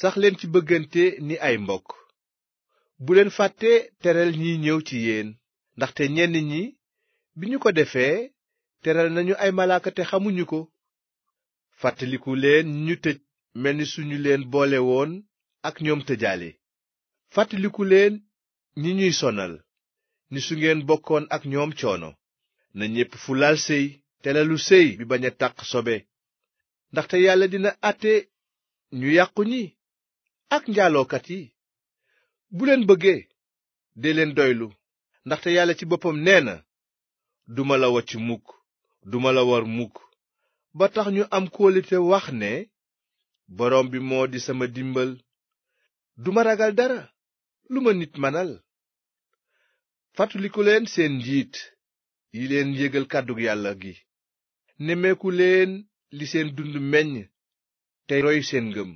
saxleen ci bëggante ni ay mbokk bu leen fàtte teral ñiy ñëw ci yéen ndaxte ñenn ñi bi ñu ko defee teral nañu ay malaaka te xamuñu ko fàttaliku leen ñu tëj mel ni suñu leen boole woon ak ñoom tëjaale fàttaliku leen ñi ñuy sonal ni su ngeen bokkoon ak ñoom coono na ñépp fulaal séy te lalu séy bi bañ a taq sobe ndaxte yàlla dina àtte ñu yàqu ñi ak njaalookat yi bu leen bëggee dee leen doylu ndaxte yàlla ci boppam nee na duma la wacc mukk duma la war mukk ba tax ñu am kóolite wax ne boroom bi moo di sama dimbal duma ragal dara lu ma nit manal fàttaliku leen seen njiit yi leen yégal kàddug yàlla gi nemmeeku leen li seen dund meññ te roy seen ngëm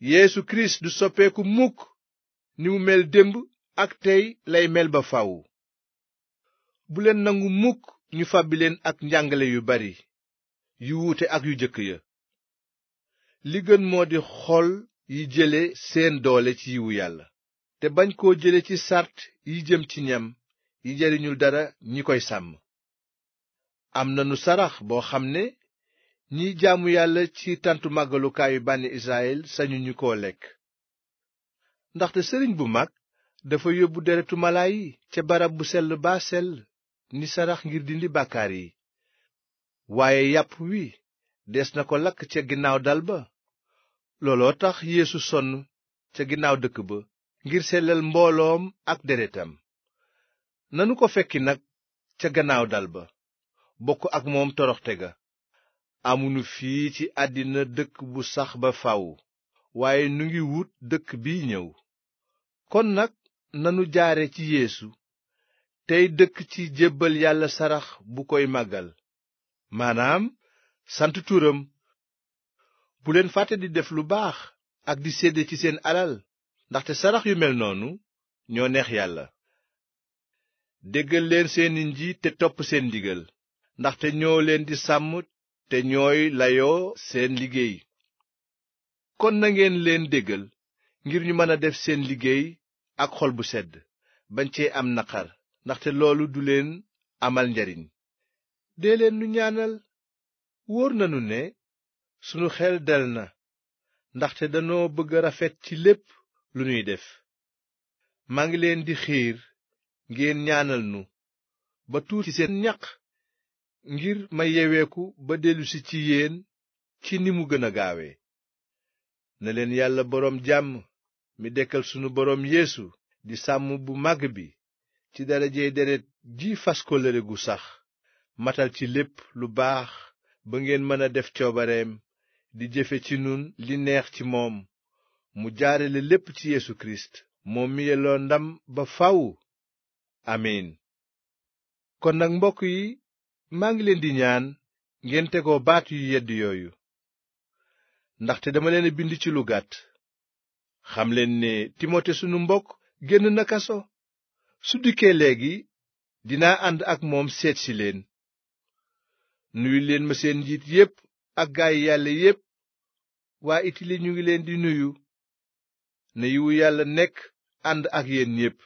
yeesu kirist du soppeeku mukk ni mu mel démb ak tey lay mel ba faw buleen nangu mukk ñu fàbbi leen ak njàngale yu bari yu wuute ak yu jëkk ya li gën moo di xol yi jële seen doole ci yiwu yàlla te bañ koo jële ci sart yi jëm ci ñam yi jariñul dara ñi koy sàmm am nanu sarax boo xam ne ñiy jaamu yàlla ci tantu màggalukaayu bànni israyil sañuñu ko lekk ndaxte sëriñ bu mag dafa yóbbu deretu malaa yi ca barab bu sell baa sell ni sarax ngir dindi bàkkaar yi waaye yàpp wi des na ko lakk ca ginnaaw dal ba looloo tax yéesu sonn ca ginnaaw dëkk ba ngir sellal mbooloom ak deretam nanu ko fekki nag ca gannaaw dal ba bokk ak moom toroxte ga amunu fii ci àddina dëkk bu sax ba faw waaye nu ngi wut dëkk bi ñëw kon nag nanu jaare ci yéesu tey dëkk ci jébbal yàlla sarax bu koy màggal maanaam sant turam bu leen fàtte di def lu baax ak di sédde ci seen alal ndaxte sarax yu mel noonu ñoo neex yàlla déggal leen seeni njiit te topp seen ndigal ndaxte ñoo leen di sàmm te ñooy layoo seen liggéey kon nangeen leen déggal ngir ñu mën a def seen liggéey ak xol bu sedd bañ cee am naqar ndaxte loolu du leen amal njariñ dee leen nu ñaanal wóor nanu ne sunu xel del na ndaxte danoo bëgg rafet ci lépp lu ñuy def maa ngi leen di xiir ngeen ñaanal nu ba tuur seen ñaq ngir ma yeweeku ba dellusi ci yéen ci ni mu gëna gaawee na leen yàlla boroom jàmm mi dekkal sunu boroom yeesu di sàmm bu màgg bi ci darajey deret ji fas kóllëre gu sax matal ci lépp lu baax ba ngeen mëna def coobareem di jëfe ci nun li neex ci moom mu jaarale lépp ci yeesu kirist moom mi yelloo ndam ba faw amiin maa ngi leen di ñaan ngeen tegoo baat yu yedd yooyu ndaxte dama leen bind ci lu gàtt xam leen ne timote sunu mbokk génn na kaso su dikkee léegi dinaa ànd ak moom seetsi leen nuyu leen ma seen njiit yépp ak gaay yàlla yépp waa itili ñu ngi leen di nuyu ne yiwu yàlla nekk ànd ak yéen yépp